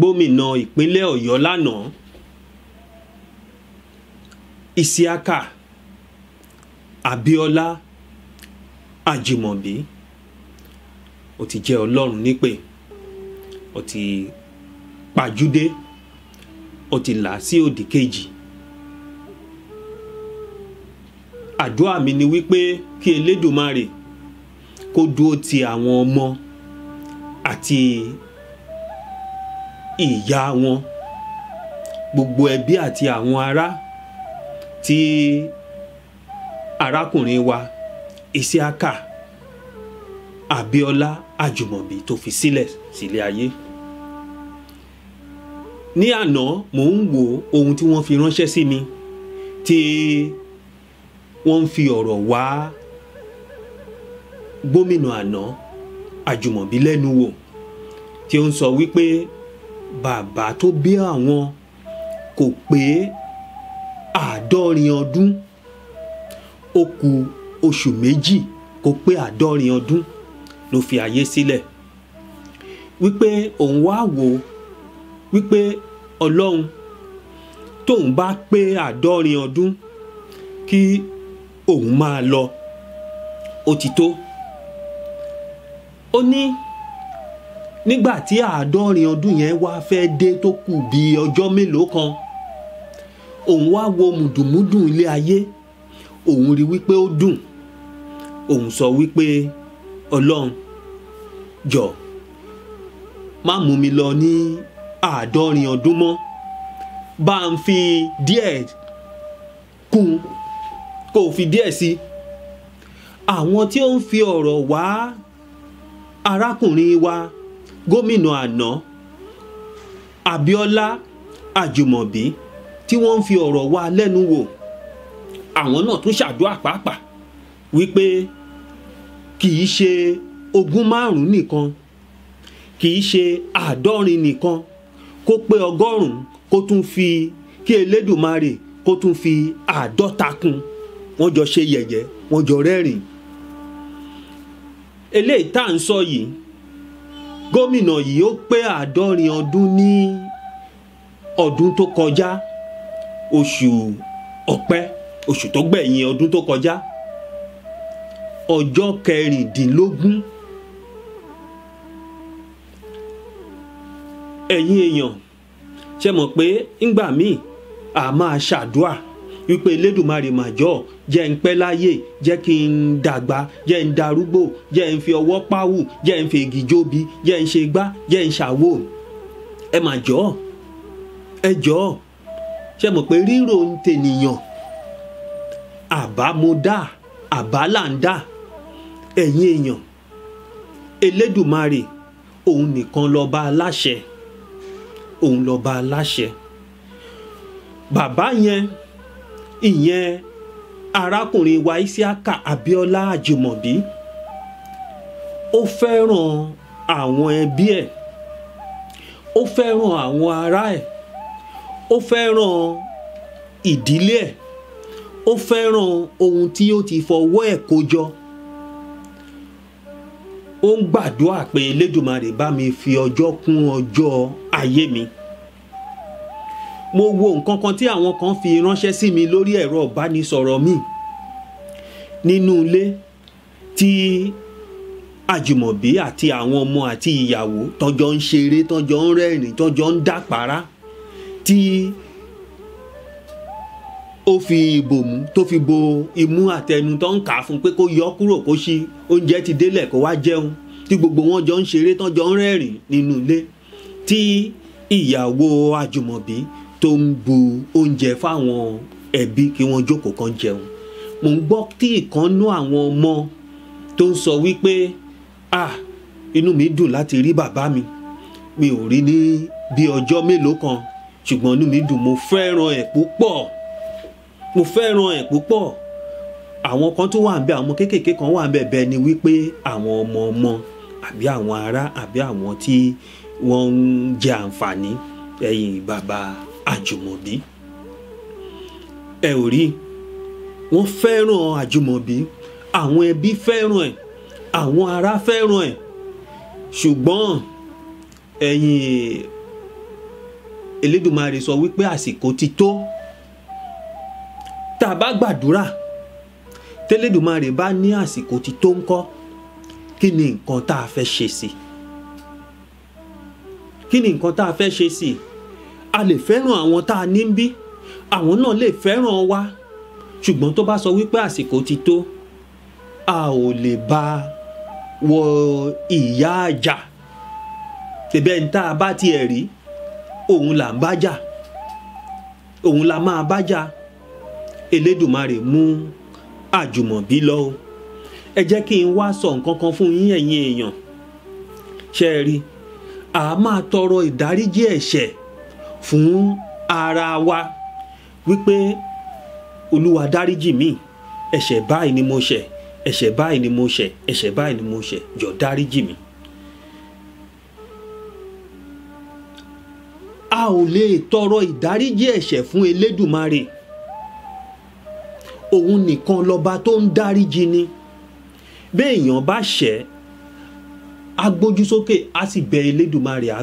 gómìnà ìpínlẹ̀ ọ̀yọ́ lánàá isiaka abiola ajimobi ó ti jẹ́ ọlọ́run nípè o ti pàjúdé ó ti là á sí òdì kejì àdúrà mi ni wípé kí elédùmarè kó dúró ti àwọn ọmọ àti ìyá wọn gbogbo ẹbí àti àwọn ará tí arákùnrin wa Isiaka Abíọ́lá Àjùmọ̀bí tó fi sílẹ̀ sílé ayé ní àná mò ń wo ohun tí wọ́n fi ránṣẹ́ sí mi tí wọ́n fi ọ̀rọ̀ wá gómìnà àná Àjùmọ̀bí lẹ́nu wò tí ó ń sọ wípé bàbá tó bí àwọn kò pé àádọ́rin ọdún ó kù oṣù méjì kó pé àádọ́rin ọdún ló fi ayé sílẹ̀ wípé òun wá wò wípé ọlọ́run tóun bá pé àádọ́rin ọdún kí òun máa lọ ó ti tó ó ní nígbà tí àádọ́rin ọdún yẹn wá fẹ́ dé tó kù bí ọjọ́ mélòó kan òun wá wo mùdùmúdùn ilé ayé òun rí wípé ó dùn òun sọ wípé ọlọ́run jọ má mú mi lọ ní àádọ́rin ọdún mọ́ bá ń fi díẹ̀ kún kó o fi díẹ̀ sí àwọn tí ó ń fi ọ̀rọ̀ wá arákùnrin wa gómìnà àná Abíọ́lá Àjùmọ̀bí tí wọ́n ń fi ọ̀rọ̀ wa lẹ́nu wò àwọn náà tún ṣàdúrà pàápàá wípé kì í ṣe ogún márùn-ún nìkan kì í ṣe àádọ́rin nìkan kó pé ọgọ́rùn-ún kó tún fi kí Elédùmarè kó tún fi àádọ́ta kún wọ́n jọ ṣe yẹ̀yẹ́ wọ́n jọ rẹ́rìn eléyìí tá à ń sọ yìí gómìnà yìí ó pé àádọ́rin ọdún ní ọdún tó kọjá oṣù ọ̀pẹ oṣù tó gbẹ̀yìn ọdún tó kọjá ọjọ́ kẹrìndínlógún ẹ̀yin èèyàn ṣe mọ̀ pé ńgbà míì a máa ṣàdúà wípé elédùnmarè màjọ jẹ́ ń pẹ́ láyè jẹ́ kí n dàgbà jẹ́ ń darúgbò jẹ́ ń fi ọwọ́ páwù jẹ́ ń fi igi jóbi jẹ́ ń ṣe gbá jẹ́ ń ṣàwò ẹ mà jọ ẹ jọ ṣe mọ̀ pé ríro ń tènìyàn àbámúdá àbáláńdá ẹ̀yin èèyàn elédùnmarè òun nìkan lọ́ba aláṣẹ òun lọ́ba aláṣẹ bàbá yẹn ìyẹn arákùnrin wa Isiaka Abiola Ajimobi ó fẹ́ràn àwọn ẹbí ẹ̀ ó fẹ́ràn àwọn ará ẹ̀ ó fẹ́ràn ìdílé ẹ̀ ó fẹ́ràn ohun tí ó ti fọwọ́ ẹ̀ kó jọ ó ń gbàdúrà pé Elédùmarè bá mi fi ọjọ́ kún ọjọ́ ayé mi mo wo nǹkan kan tí àwọn kan fi ránṣẹ́ sí mi lórí ẹ̀rọ ìbánisọ̀rọ̀ mi nínú ilé tí àjùmọ̀bí àti àwọn ọmọ àti ìyàwó tọ́jọ́ ń ṣeré tọ́jọ́ ń rẹ́rìn tọ́jọ́ ń dàpárá tí ó fi ìbòmú tó fi bo imú àtẹnu tó ń kà á fún pé kó yọ kúrò kó ṣí oúnjẹ ti délẹ̀ kó wá jẹun tí gbogbo wọn jọ ń ṣeré tọ́jọ́ ń rẹ́rìn nínú ilé tí ìyàwó àjùmọ̀bí tó ń bu oúnjẹ fáwọn ẹbí kí wọ́n jókòó kan jẹun mò ń gbọ́ tí ìkànnú àwọn ọmọ tó ń sọ wípé ah inú mi dùn láti rí bàbá mi mi ò rí ní bí ọjọ́ mélòó kan ṣùgbọ́n inú mi dùn mo fẹ́ràn ẹ̀ púpọ̀ mo fẹ́ràn ẹ̀ púpọ̀ àwọn kan tó wà ń bẹ àwọn ọmọ kéékèèké kan wà ń bẹ bẹ́ẹ̀ ni wípé àwọn ọmọ ọmọ àbí àwọn ará àbí àwọn tí wọ́n ń jẹ àǹfààní ẹ̀yìn bàbá àjùmọ̀bí ẹ ò rí wọ́n fẹ́ràn àjùmọ̀bí àwọn ẹbí fẹ́ràn ẹ̀ àwọn ará fẹ́ràn ẹ̀ ṣùgbọ́n ẹ̀yìn Elédùmarè sọ wípé àsìkò ti tó tá a bá gbàdúrà tẹ́lẹ̀dùmarè bá ní àsìkò ti tó ń kọ́ kí ni nǹkan tá a fẹ́ ṣe sí kí ni nǹkan tá a fẹ́ ṣe sí i a lè fẹ́ràn àwọn tá a ní ń bí àwọn náà lè fẹ́ràn wa ṣùgbọ́n tó bá sọ wípé àsìkò ti tó a ò lè bá wọ ìyá àjà ṣèbẹ́ ní tá a bá tiẹ̀ rí òun là ń bá jà òun la máa bá jà Elédùmarè mú àjùmọ̀bí lọ o ẹ jẹ́ kí n wá sọ nǹkan kan fún yín ẹ̀yin èèyàn ṣe é rí a máa tọrọ ìdáríjì ẹ̀ṣẹ̀ fún ara wa wípé olúwa dáríjì mi ẹ̀ṣẹ̀ báyìí ni mo ṣẹ̀ ẹ̀ṣẹ̀ báyìí ni mo ṣẹ̀ ẹ̀ṣẹ̀ báyìí ni mo ṣẹ̀ jọ dáríjì mi. a ò lè tọrọ ìdáríjì ẹ̀ṣẹ̀ fún elédùmarè òun nìkan lọba tó ń dáríjì ni béèyàn bá ṣẹ̀ á gbójú sì bẹ elédùmarè á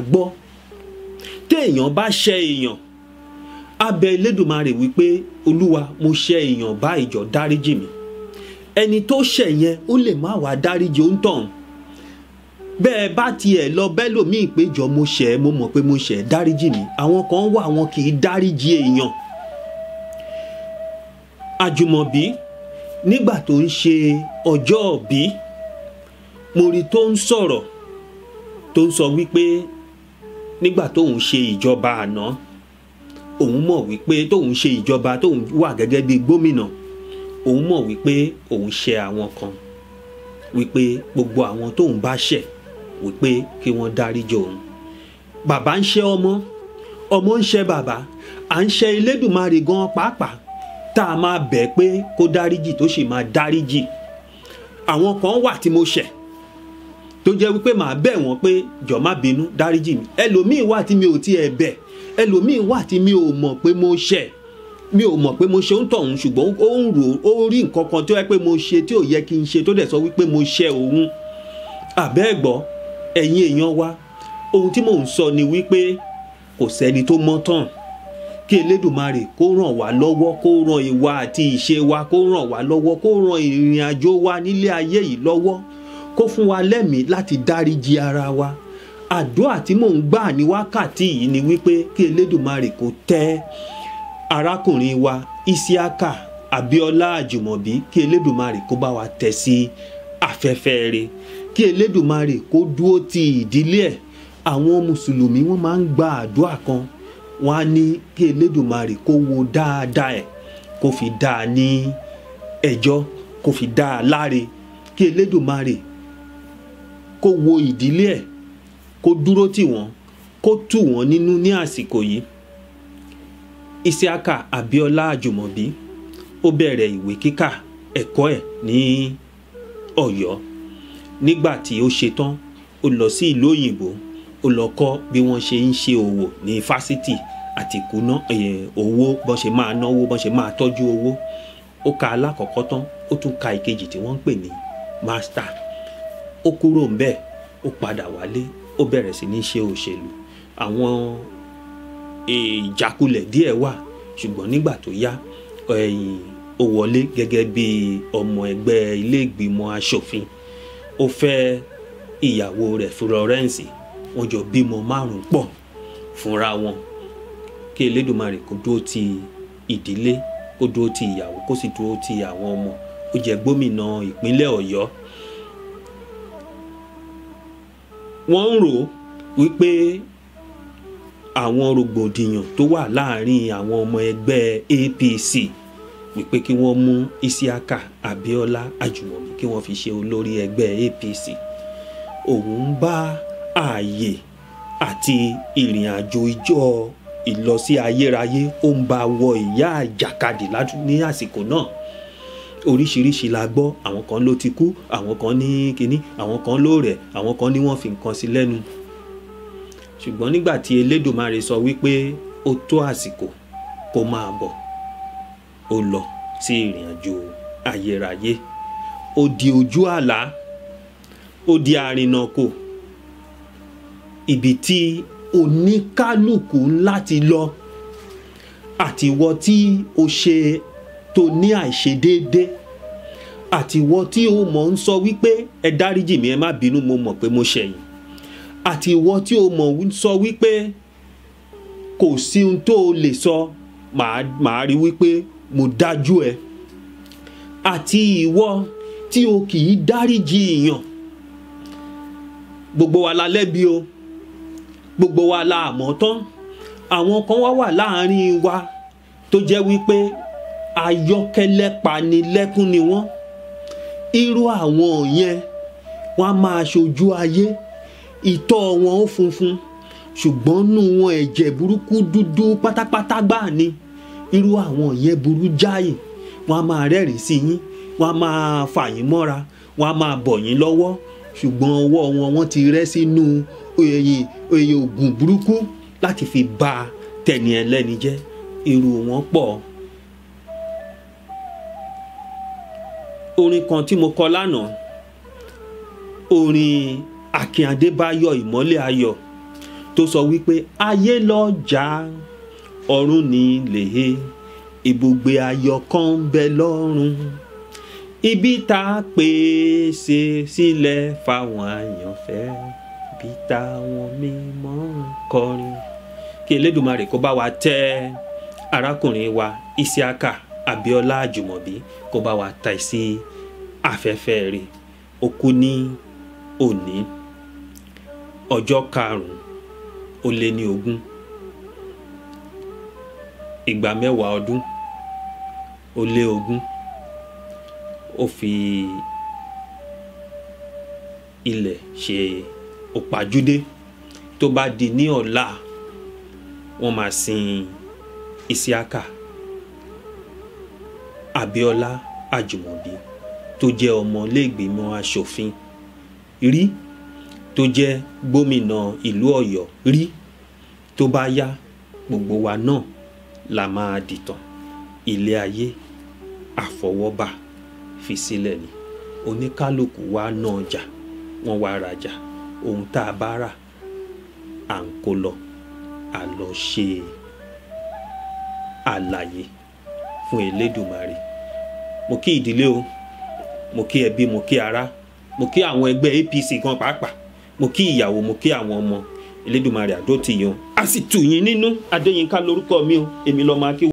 téèyàn bá ṣẹ èèyàn á bẹ Elédùmarè wípé olúwa mo ṣẹ èèyàn báyìí jọ dáríjì mi ẹni tó ṣẹ̀ yẹn ó lè má wàá dáríjì ó ń tàn bẹ́ẹ̀ bá tiẹ̀ lọ bẹ́lòmíì pé jọ mo ṣẹ̀ mo mọ̀ pé mo ṣẹ̀ dáríjì mi àwọn kan wà wọn kì í dáríjì èèyàn àjùmọ̀bí nígbà tó ń ṣe ọjọ́ òbí mo rí tó ń sọ̀rọ̀ tó ń sọ wípé nígbà tóun ṣe ìjọba àná òun mọ̀ wípé tóun ṣe ìjọba tóun wà gẹ́gẹ́ bí gómìnà òun mọ̀ wípé òun ṣe àwọn kan wípé gbogbo àwọn tóun bá ṣẹ̀ wípé kí wọ́n dáríjì òun bàbá ń ṣe ọmọ ọmọ ń ṣe bàbá à ń ṣe Elédùmarè gan pàápàá tá a máa bẹ̀ pé kó dáríjì tó sì máa dáríjì àwọn kan wà tí mo ṣẹ̀ tó jẹ́ wípé màá bẹ̀ wọ́n pé jọ̀ má bínú dáríjì mi ẹlòmíì wà tí mi ò tiẹ̀ bẹ̀ ẹlòmíì wà tí mi ò mọ̀ pé mo ṣẹ̀ mi ò mọ̀ pé mo ṣe ń tọ̀hún ṣùgbọ́n ó ń rò ó ń rí nǹkan kan tó yẹ pé mo ṣe tí ò yẹ kí n ṣe tó dẹ̀ sọ wípé mo ṣẹ̀ òun àbẹ́ẹ̀gbọ́ ẹ̀yin èèyàn wa ohun tí mò ń sọ ni wípé kò sẹ́ni tó mọ́ tán kí Elédùmarè kó ràn wá lọ́wọ́ kó ràn ìwà àti ìṣe wa kó ràn wá lọ́wọ́ kó ràn ìrìn àjò wa nílé ayé yìí lọ́wọ́ kó fún wa lẹ́mìí láti dáríji ara wa àdúrà tí mò ń gbà ní wákàtí yìí ni wípé kí Elédùmarè kó tẹ́ arákùnrin wa Isiaka Abíọ́lá Àjùmọ̀bí kí Elédùmarè kó bá wa tẹ́ sí afẹ́fẹ́ rẹ̀ kí Elédùmarè kó dúró ti ìdílé ẹ̀ àwọn mùsùlùmí wọ́n máa ń gba àdúrà kan wọ́n á ní kí Elédùmarè kó wo dáadáa ẹ̀ kó fi dáa ní ẹjọ́ kó fi dáa láre kí Elédùmarè kó wo ìdílé ẹ̀ kó dúró tì wọ́n kó tù wọ́n nínú ní àsìkò yìí Isiaka Abiola Àjùmọ̀bí ó bẹ̀rẹ̀ ìwé kíkà ẹ̀kọ́ ẹ̀ ní Ọ̀yọ́ nígbà tí ó ṣetán ó lọ sí ìlú òyìnbó ó lọ kọ́ bí wọ́n ṣe ń ṣe òwò ní fásitì àti ìkúná owó bọ́n ṣe máa náwó bọ́n ṣe máa tọ́jú owó ó ka alákọ̀ọ́kọ́ tán ó tún ka ìkejì tí wọ́n ń pè ní master ó kúrò ńbẹ̀ ó padà wálé ó bẹ̀rẹ̀ sí ní ṣe òṣèlú àwọn e, ìjákulẹ̀ díẹ̀ wà ṣùgbọ́n nígbà tó yá ó wọlé gẹ́gẹ́ bí ọmọ ẹgbẹ́ ilé ìgbìmọ̀ asòfin ó fẹ́ ìyàwó rẹ̀ Florence wọ́n jọ bímọ márùn-ún pọ̀ fúnra wọn kí Elédùmarè kó dúró ti ìdílé kó dúró ti ìyàwó kó sì dúró ti àwọn ọmọ ó jẹ́ gómìnà ìpínlẹ̀ Ọ̀yọ́ wọ́n ń rò wípé àwọn rògbòdìyàn tó wà láàrin àwọn ọmọ ẹgbẹ́ APC wípé kí wọ́n mú Isiaka Abiola ajumobi kí wọ́n fi ṣe olórí ẹgbẹ́ APC òun ń bá ààyè àti ìrìn àjò ìjọ ìlọsí ayérayé ó ń bá wọ ìyá àjàkadì ní àsìkò náà oríṣiríṣi la gbọ́ àwọn kan ló ti kú àwọn kan ní kinní àwọn kan ló rẹ̀ àwọn kan ní wọ́n fi nǹkan sí lẹ́nu ṣùgbọ́n nígbà tí Elédùmarè sọ wípé ó tó àsìkò kó máa bọ̀ ó lọ sí ìrìn ayérayé ó di ojú àlá ó di àrìnàkò ibi tí oníkálùkù láti lọ àtiwọ́ tí o ṣe tó ní àìṣedéédé àtiwọ tí ó mọ̀ ń sọ wípé ẹ dáríjì mi ẹ má bínú mo mọ̀ pé mo ṣẹ̀yìn àtiwọ tí ó mọ̀ ń sọ wípé kò sí ohun tó o lè sọ màá rí wípé mo dájú ẹ àti ìwọ tí o kì í dáríjì èèyàn gbogbo wa la lẹ́bi o gbogbo wa la àmọ́ tán àwọn kan wá wà láàárín wa tó jẹ́ wípé ayọ́kẹ́lẹ́ panilẹ́kún ni wọ́n irú àwọn yẹn wọ́n á máa ṣojú ayé ìtọ́ wọn ó funfun ṣùgbọ́n nù wọn ẹ̀jẹ̀ burúkú dúdú pátápátá gbà ni irú àwọn yẹn burú jáì wọ́n á máa rẹ́rìn sí yín wọ́n á máa fà mọ́ra wọ́n á máa bọ̀ yín lọ́wọ́ ṣùgbọ́n ọwọ́ wọn wọ́n ti rẹ́ sínú oyè oyè oògùn burúkú láti fi ba tẹni ẹlẹ́ni jẹ́ irú wọn pọ̀. orin kan tí mo kọ lánàá orin Akin Adébáyọ̀ ìmọ́lẹ̀ ayọ̀ tó sọ wípé ayé lọ́jà ọ̀run ní lèhe ibùgbé ayọ̀ kan ń bẹ lọ́run ibi tá a pèsè sílẹ̀ fáwọn àyànfẹ́ ibi táwọn mímọ́ kọrin kí Elédùmarè kó bá wa tẹ́ arákùnrin wa Isiaka Abíọ́lá Àjùmọ̀bí kó bá wa ta sí afẹ́fẹ́ rẹ̀ ó kú ní òní ọjọ́ karùn-ún ó lé ní ogún ìgbà mẹ́wàá ọdún ó lé ogún ó fi ilẹ̀ ṣe òpàjúdé tó bá di ní ọ̀la wọ́n máa sin Isiaka. Abíọ́lá Àjùmọ̀bí tó jẹ́ ọmọ iléègbìmọ̀ asòfin rí tó jẹ́ gómìnà ìlú Ọ̀yọ́ rí tó bá yá gbogbo wa náà la máa dìtàn ilé ayé àfọwọ́bà fi sílẹ̀ ni oníkálukú wa ná ọjà wọ́n wá rajà ohun tá a bá rà à ń kó lọ à lọ ṣe àlàyé fún Elédùmarè mo kí ìdílé o mo kí ẹbí mo kí ará mo kí àwọn ẹgbẹ́ APC gan pàápàá mo kí ìyàwó mo kí àwọn ọmọ Elédùmarè àdótì yìí o a sì tù yín nínú Adéyínká lórúkọ mi o èmi lọ́mọ akéwì.